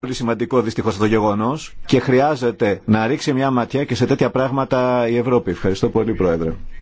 πολύ σημαντικό δυστυχώς το γεγονός και χρειάζεται να ρίξει μια ματιά και σε τέτοια πράγματα η Ευρώπη. Ευχαριστώ πολύ Πρόεδρε.